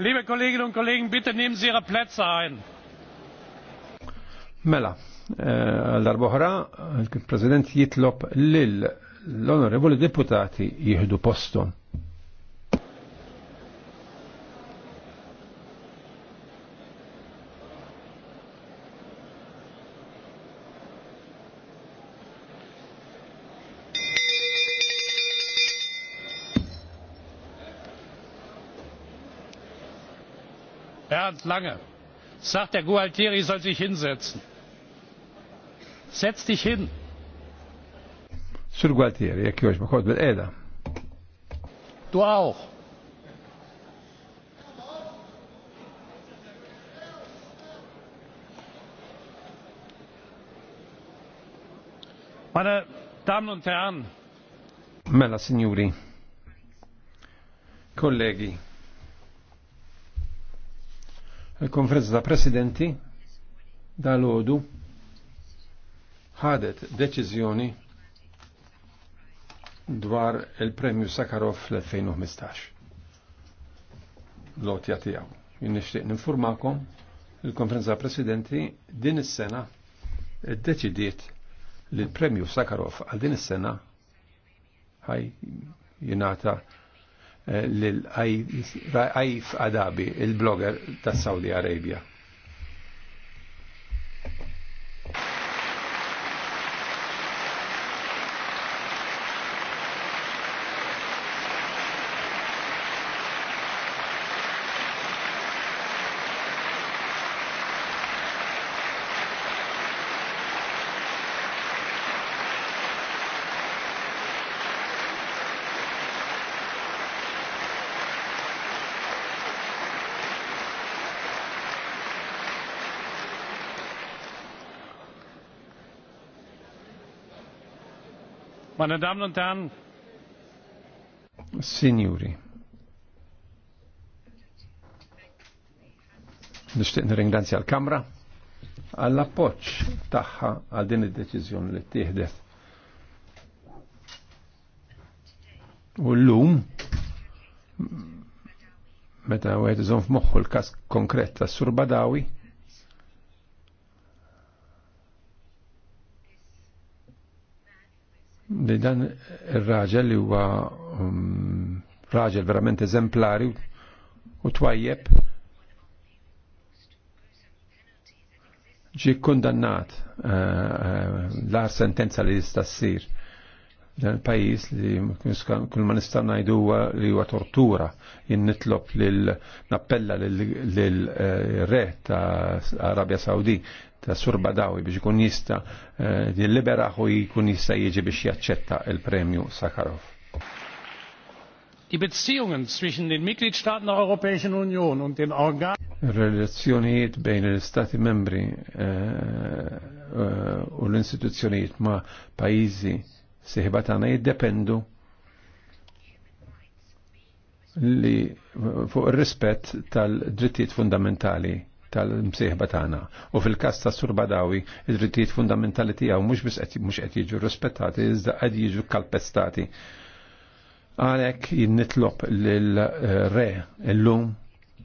Liebe Kolleginnen und Kollegen, bitte nehmen Sie Ihre Plätze ein. Mela, eh, l-arboħra, il-President jitlob Lill, l-onorevoli deputati jihdu postom. Bernd Lange sagt, der Gualtieri soll sich hinsetzen. Setz dich hin. Sur Gualtieri, jekk joġ ma bil-eda. Du auch. Meine Damen und Herren. Mela, signori. Kollegi. Il-konferenza ta' presidenti dal-ħodu ħadet deċizjoni dwar il-premju Sakharov fl-2015. Lotja tijaw. Jinnishtiq ninformakom il-konferenza ta' presidenti din is-sena deċidiet li l-premju Sakharov għal din is-sena ħaj jingħata Eh, lil Aif Adabi, il-blogger tas Saudi Arabia. Meine Damen und Herren, Signori, nishtiq nirringrazzja l-Kamra għall-appoġġ tagħha għal din id-deċiżjoni li ttieħdet. U llum meta wieħed iżomm f'moħħu l-każ konkret tas-Sur Badawi, li dan ir-raġel li huwa um, raġel verament eżemplari u twajjeb ġi kundannat eh, eh, l-ar sentenza li jista' ssir dan il-pajis li kull ma nista' ngħidu li huwa tortura jien nitlob lil nappella lil eh, re ta' Arabja Saudi ta' surba dawi biex ikun jista jilliberaħ eh, u jkun jista jieġi biex jaċċetta il-premju Sakharov. Die Beziehungen zwischen den Mitgliedstaaten der Europäischen Union und den Organen relazzjonijiet bejn l-Stati membri eh, eh, u l-istituzzjonijiet ma' pajizi seħbatana jiddependu li fuq ir-rispett tal-drittijiet fundamentali tal-msieħba tagħna. U fil-każ ta' Surbadawi, id-drittijiet fundamentali tiegħu mhux biss qed mhux qed jiġu rispettati, iżda qed jiġu kalpestati. Għalhekk jinnitlob lill-re eh, illum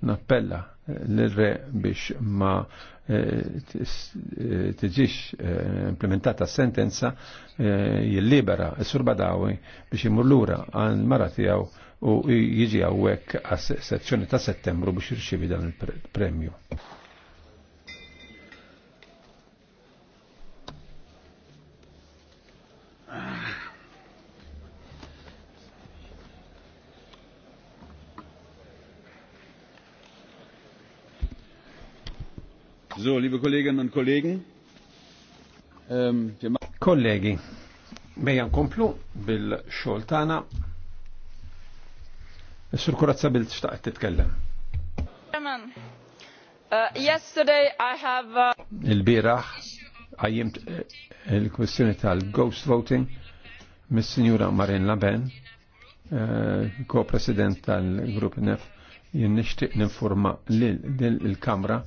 nappella lill-re biex ma eh, eh, tiġix implementata sentenza jillibera s-surbadawi biex imur lura għan mara tiegħu u jiġi għawek għas sezzjoni ta' settembru biex jirċivi dan il-premju. So, liebe Kolleginnen und Kollegen, ähm, wir Kollegi, mejjan komplu bil-xoltana Sur Kurazza Bilt xtaqt titkellem. Uh, yesterday I have uh, Il-biraħ għajjimt uh, il-kwestjoni tal-ghost voting mis-sinjura Marin Laben, ko-president tal-grupp NEF, jien nixtieq ninforma l kamra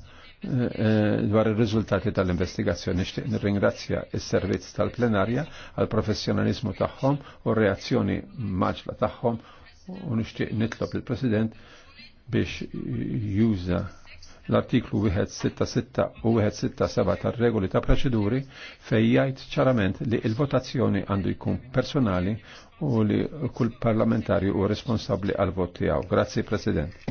dwar il-rizultati tal-investigazzjoni Nishtiq nirringrazzja s-servizz tal-plenarja għal professjonalizmu tagħhom u reazzjoni maġla tagħhom u nixtieq nitlob il-President biex juża l-artiklu 166 u 167 tar-regoli ta' proċeduri fej jgħid ċarament li il-votazzjoni għandu jkun personali u li kull parlamentarju u responsabli għal-vot tiegħu. Grazzi President.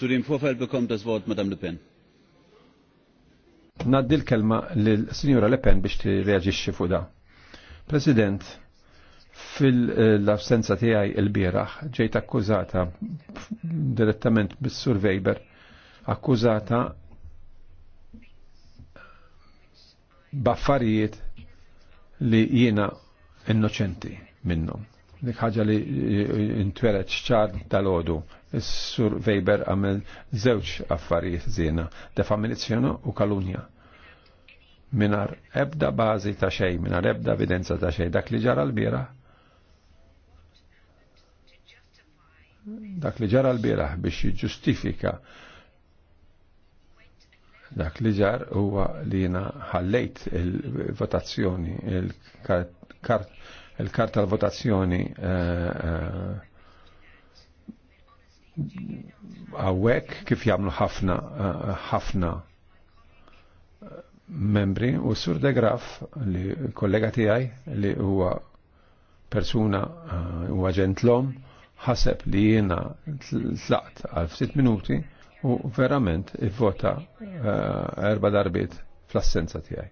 Zu dem Vorfall bekommt das Wort Madame Le Pen. Naddi l-kelma l-Signora Le Pen biex reagisċi fuq da. President, fil-absenza tiegħi il-bieraħ ġejt akkużata direttament bis-Sur Weber, akkużata baffarijiet li jiena innoċenti minnhom dik ħaġa li eh, intweret ċar tal-ħodu. Sur Weber għamil zewċ affarijiet zina, defamilizzjonu u kalunja. Minar ebda bazi ta' xej, minar ebda evidenza ta' xej, dak li ġara l-bira. Dak li ġara l-bira biex jġustifika dak li ġar huwa li jina ħallejt il-votazzjoni, il-kart il karta tal-votazzjoni eh, eh, għawek kif jamlu ħafna eh, ħafna membri u sur de Graf li kollega tiegħi li huwa persuna u għagent l-om ħaseb li jiena tlaqt għal ftit minuti u verament ivvota erba darbit fl-assenza tiegħi.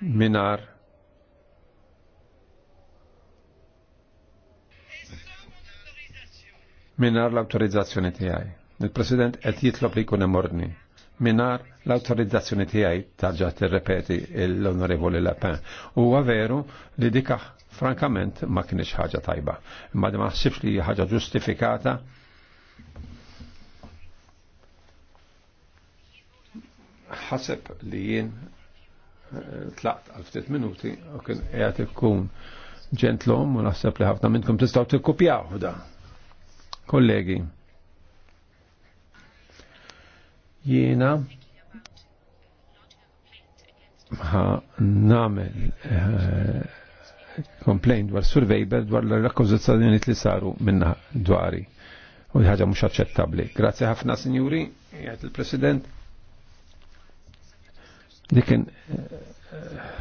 minar minar l-autorizzazzjoni tiegħi. Il-President qed jitlob li jkun imorni minar l-autorizzazzjoni tiegħi tarġa' tirrepeti l-Onorevoli Lapin. Huwa veru li dika frankament ma kienx ħaġa tajba. Imma ma ħsibx li ħaġa ġustifikata ħaseb li jien tlaqt għal ftit minuti u kien qiegħed ikun ġentlom u naħseb li ħafna minnkom tistgħu tikkupjaw da. Kollegi. Jiena ma nagħmel komplejn eh, dwar survejber dwar l-akkużazzjonijiet li saru minna dwari. U ħaġa mhux aċċettabbli. Grazzi ħafna, Sinjuri, jgħid il-President. Dikin eh,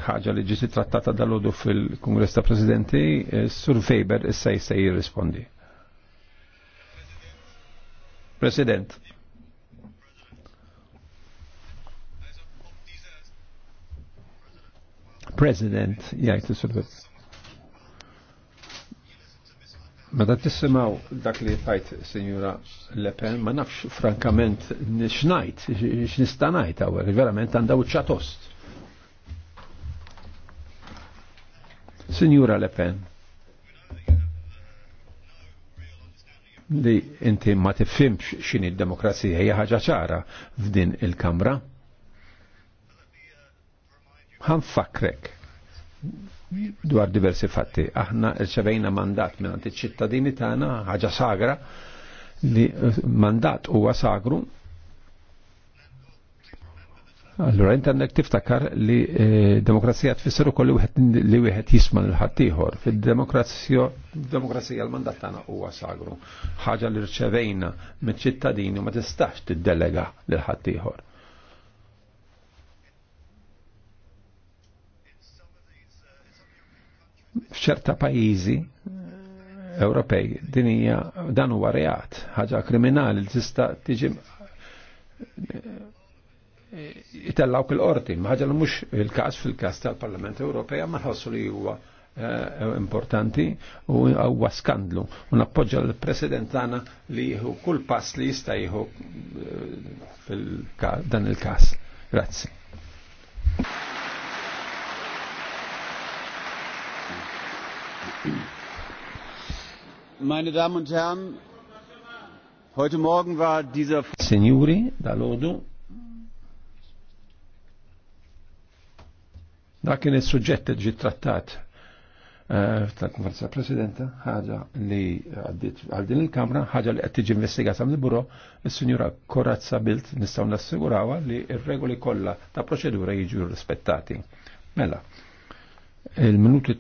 ħaġa li ġisit trattata dal-ħodu fil-Kongress ta' Presidenti, eh, Sur Weber issa jissa jirrispondi. President. President, jgħid Sur Faber. Meta tissimaw dak li tajt Sinjura Le Pen, ma nafx frankament x'ngħid, x'nista' ngħid hawn, verament għandha wiċċa tost. Sinjura Le Pen, li inti ma tifimx x'inhi d-demokrazija hija ċara f'din il-Kamra. fakrek dwar diversi fatti. Aħna rċevejna mandat minn iċ-ċittadini tagħna ħaġa sagra li eh, mandat huwa sagru Allura internet għandek tiftakar li eh, demokrazija tfisser ukoll li wieħed jisma' lil ieħor. Fid-demokrazija demokrazija l-mandat tagħna huwa sagru. Ħaġa li rċevejna miċ-ċittadini u ma tistax tiddelega lil ieħor. f'ċerta pajjiżi Ewropej din hija dan huwa reat, ħaġa kriminali li tista' tiġi eh, itellaw il qorti ħaġa li mhux il-każ fil-każ tal-Parlament Ewropej ma ħossu li huwa eh, importanti u huwa skandlu. U nappoġġa l-President tagħna li jieħu kull pass li jista' jieħu eh, fil-ka dan il-każ. Grazzi. Meine Damen und Herren, heute Morgen war dieser... Signori, dal-ħodu, Dak kien is-suġġett ġi trattat eh, tal-Konferenza Presidenta, ħaġa li għaddit għal din il-Kamra, ħaġa li qed tiġi investigata mill-Buro, is-Sinjura Korazza Bilt nistgħu nassigurawha li r-regoli kollha ta' proċedura jiġu rispettati. Mela, il-minuti